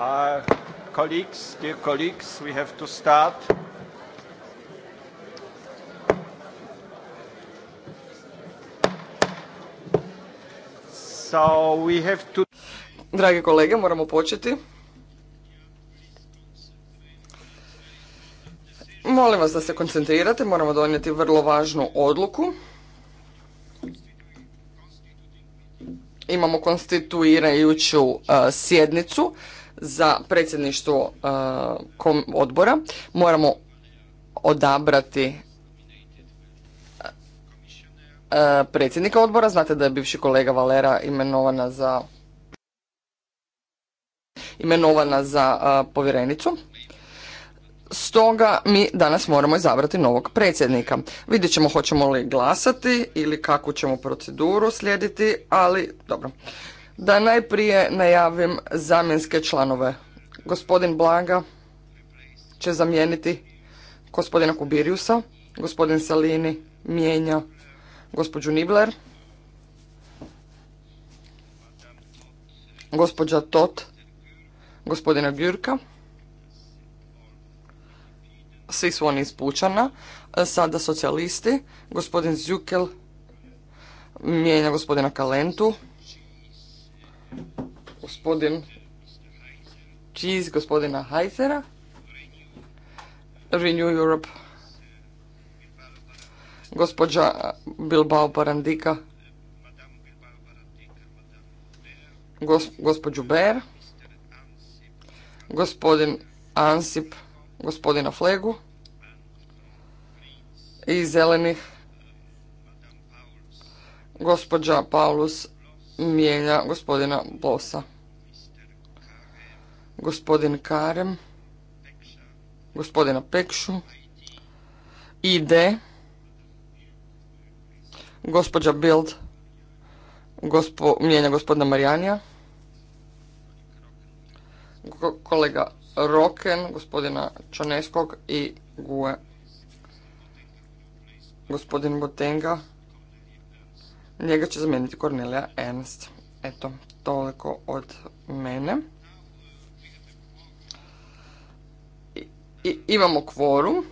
Uh, colleagues, dear colleagues, we have to start. Drage kolege, moramo početi. Molim vas da se koncentrirate, moramo donijeti vrlo važnu odluku. Imamo konstituirajuću uh, sjednicu za predsjedništvo e, odbora moramo odabrati e, predsjednika odbora. Znate da je bivši kolega Valera imenovana za imenovana za e, povjerenicu. Stoga mi danas moramo izabrati novog predsjednika. Vidjet ćemo hoćemo li glasati ili kakvu ćemo proceduru slijediti, ali dobro da najprije najavim zamjenske članove. Gospodin Blaga će zamijeniti gospodina Kubiriusa, gospodin Salini mijenja gospođu Nibler, gospođa Tot, gospodina Gjurka, svi su oni ispučana, sada socijalisti, gospodin Zjukel mijenja gospodina Kalentu, gospodin Cheese, gospodina Heisera, Renew Europe, gospođa Bilbao Barandika, gospođu Ber, gospodin Ansip, gospodina Flegu i zelenih gospođa Paulus mijenja gospodina Bosa gospodin Karem, gospodina Pekšu, ID, gospođa Bild, gospo, mijenja gospodina Marijanija, kolega Roken, gospodina Čoneskog i Gue. Gospodin Botenga, njega će zamijeniti Cornelia Ernst. Eto, toliko od mene. I imamo kvorum.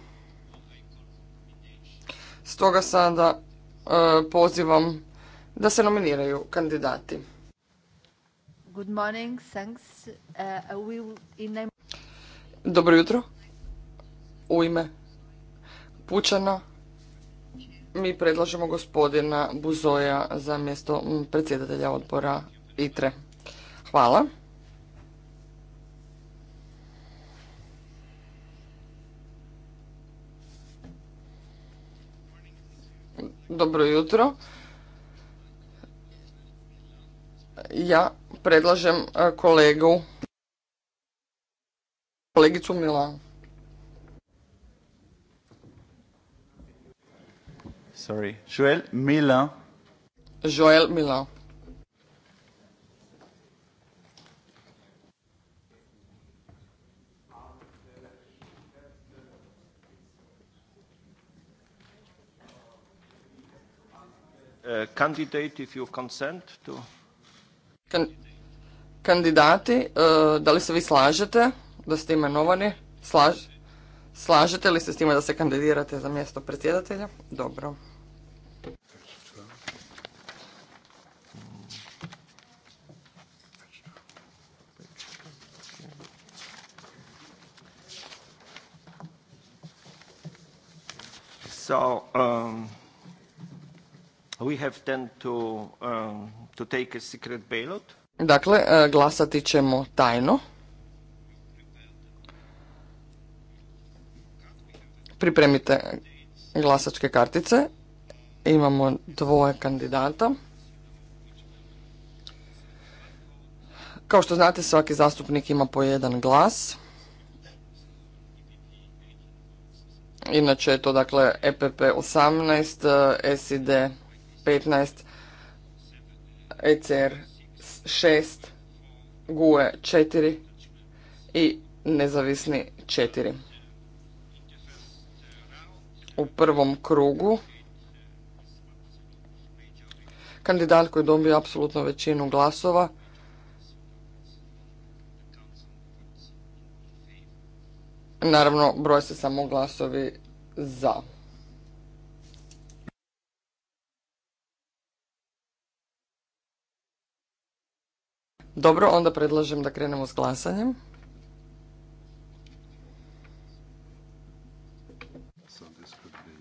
Stoga sada e, pozivam da se nominiraju kandidati. Good e, Dobro jutro. U ime Pučana mi predlažemo gospodina Buzoja za mjesto predsjedatelja odbora ITRE. Hvala. dobro jutro. Ja predlažem e, kolegu, kolegicu Milan. Sorry, Joel Milan. Joel Milan. Uh, consent kandidati, uh, da li se vi slažete da ste imenovani? slažete li se s time da se kandidirate za mjesto predsjedatelja? Dobro. So, um, Um, dakle, e, glasati ćemo tajno. Pripremite glasačke kartice. Imamo dvoje kandidata. Kao što znate, svaki zastupnik ima po jedan glas. Inače je to dakle EPP 18, SID 15, ECR 6, GUE 4 i nezavisni 4. U prvom krugu kandidat koji dobio apsolutno većinu glasova Naravno, broj se samo glasovi za. Dobro, onda predlažem da krenemo s glasanjem.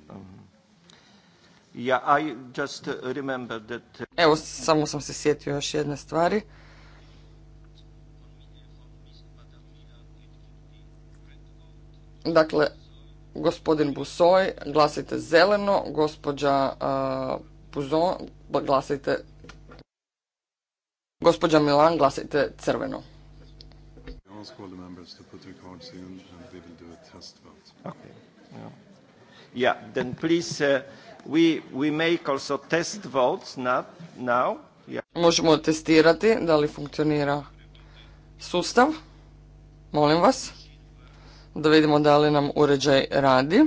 Uh, Evo, samo sam se sjetio još jedne stvari. Dakle, gospodin Busoj, glasajte zeleno, gospođa uh, Puzon, glasajte Gospođa Milan, glasajte crveno. test Možemo testirati da li funkcionira sustav. Molim vas da vidimo da li nam uređaj radi.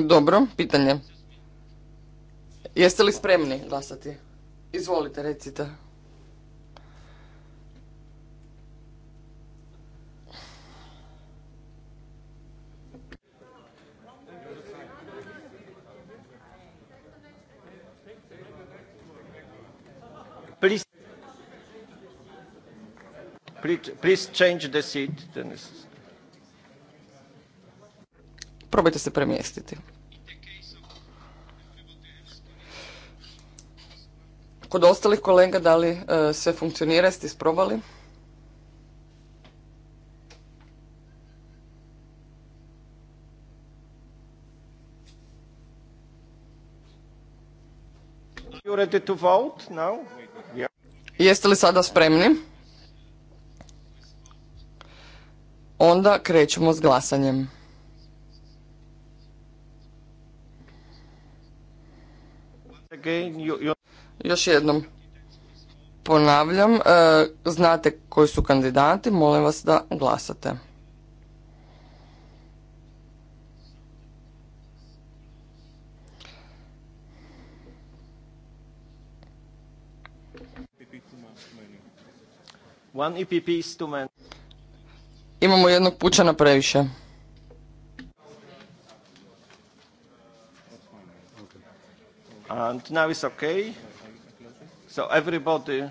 Dobro, pitanje. Jeste li spremni glasati? Izvolite, recite. Please, please change the seat. Dennis probajte se premjestiti. Kod ostalih kolega, da li e, sve funkcionira, Jeste isprobali? Jeste li sada spremni? Onda krećemo s glasanjem. Još jednom ponavljam, e, znate koji su kandidati, molim vas da glasate. E Imamo jednog pučana previše. And now it's okay. So everybody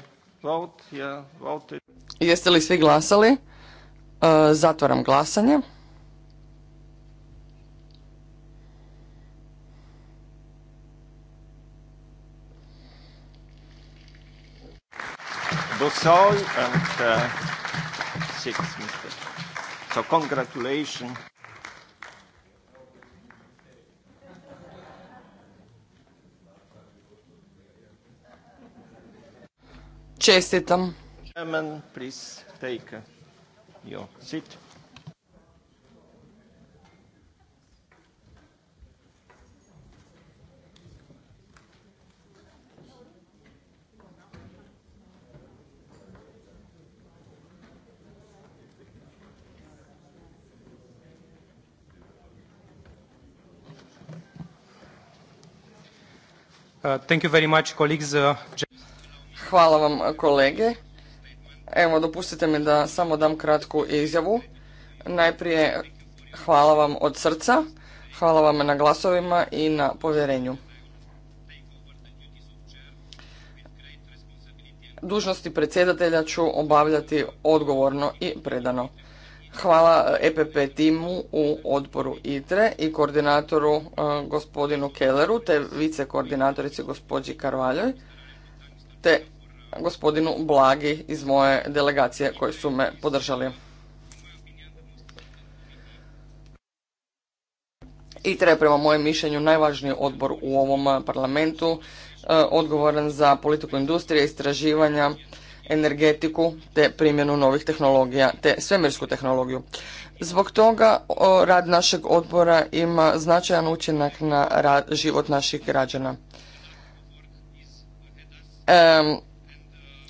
vote, yeah, vote. Jeste li svi glasali? E, zatvaram glasanje. Busoj and uh, six, Mr. So congratulations. Čestitam. take Uh, thank you very much, colleagues. Uh, Hvala vam kolege. Evo, dopustite mi da samo dam kratku izjavu. Najprije hvala vam od srca, hvala vam na glasovima i na povjerenju. Dužnosti predsjedatelja ću obavljati odgovorno i predano. Hvala EPP timu u odboru ITRE i koordinatoru e, gospodinu Kelleru te vice koordinatorici gospođi Karvaljoj te gospodinu Blagi iz moje delegacije koji su me podržali. I treba prema mojem mišljenju najvažniji odbor u ovom parlamentu, e, odgovoran za politiku industrije, istraživanja, energetiku te primjenu novih tehnologija te svemirsku tehnologiju. Zbog toga rad našeg odbora ima značajan učinak na život naših građana.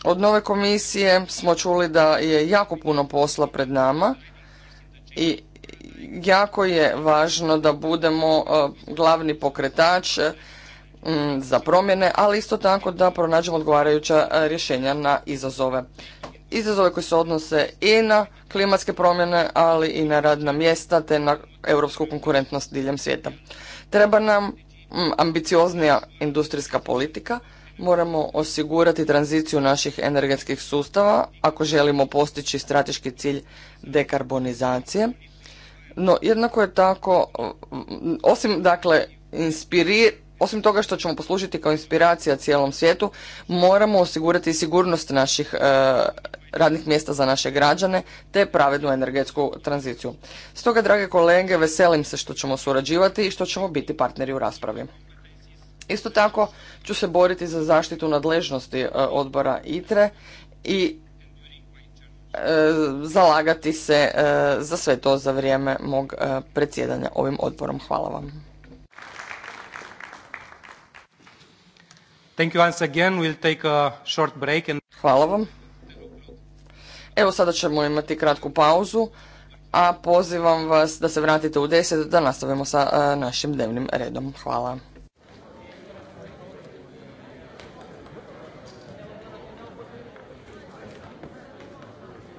Od nove komisije smo čuli da je jako puno posla pred nama i jako je važno da budemo e, glavni pokretač za promjene, ali isto tako da pronađemo odgovarajuća e, rješenja na izazove. Izazove koji se odnose i na klimatske promjene, ali i na radna mjesta te na europsku konkurentnost diljem svijeta. Treba nam ambicioznija industrijska politika, moramo osigurati tranziciju naših energetskih sustava ako želimo postići strateški cilj dekarbonizacije. No jednako je tako, osim dakle inspiri, osim toga što ćemo poslužiti kao inspiracija cijelom svijetu, moramo osigurati sigurnost naših e, radnih mjesta za naše građane te pravednu energetsku tranziciju. Stoga, drage kolege, veselim se što ćemo surađivati i što ćemo biti partneri u raspravi. Isto tako ću se boriti za zaštitu nadležnosti e, odbora ITRE i e, zalagati se e, za sve to za vrijeme mog predsjedanja ovim odborom. Hvala vam. short Hvala vam. Evo sada ćemo imati kratku pauzu, a pozivam vas da se vratite u 10 da nastavimo sa našim dnevnim redom. Hvala.